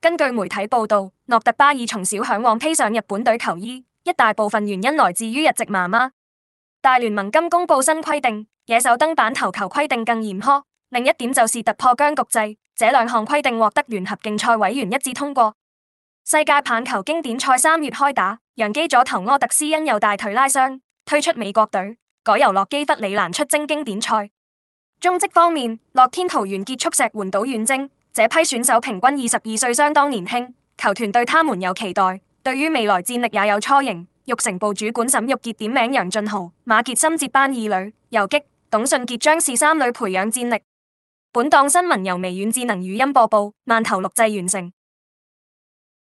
根據媒體報道，諾特巴爾從小向往披上日本隊球衣，一大部分原因來自於日籍媽媽。大聯盟今公布新規定，野手登板投球規定更嚴苛。另一點就是突破僵局制，這兩項規定獲得聯合競賽委員一致通過。世界棒球經典賽三月開打，揚基左投柯特斯因右大腿拉傷，退出美國隊，改由洛基弗里蘭出征經典賽。中職方面，樂天桃園結束石垣島遠征。這批選手平均二十二歲，相當年輕。球團對他們有期待，對於未來戰力也有雛形。育成部主管沈玉杰點名楊俊豪、馬傑森接班二壘，游擊，董順杰將是三壘培養戰力。本檔新聞由微軟智能語音播報，慢頭錄製完成。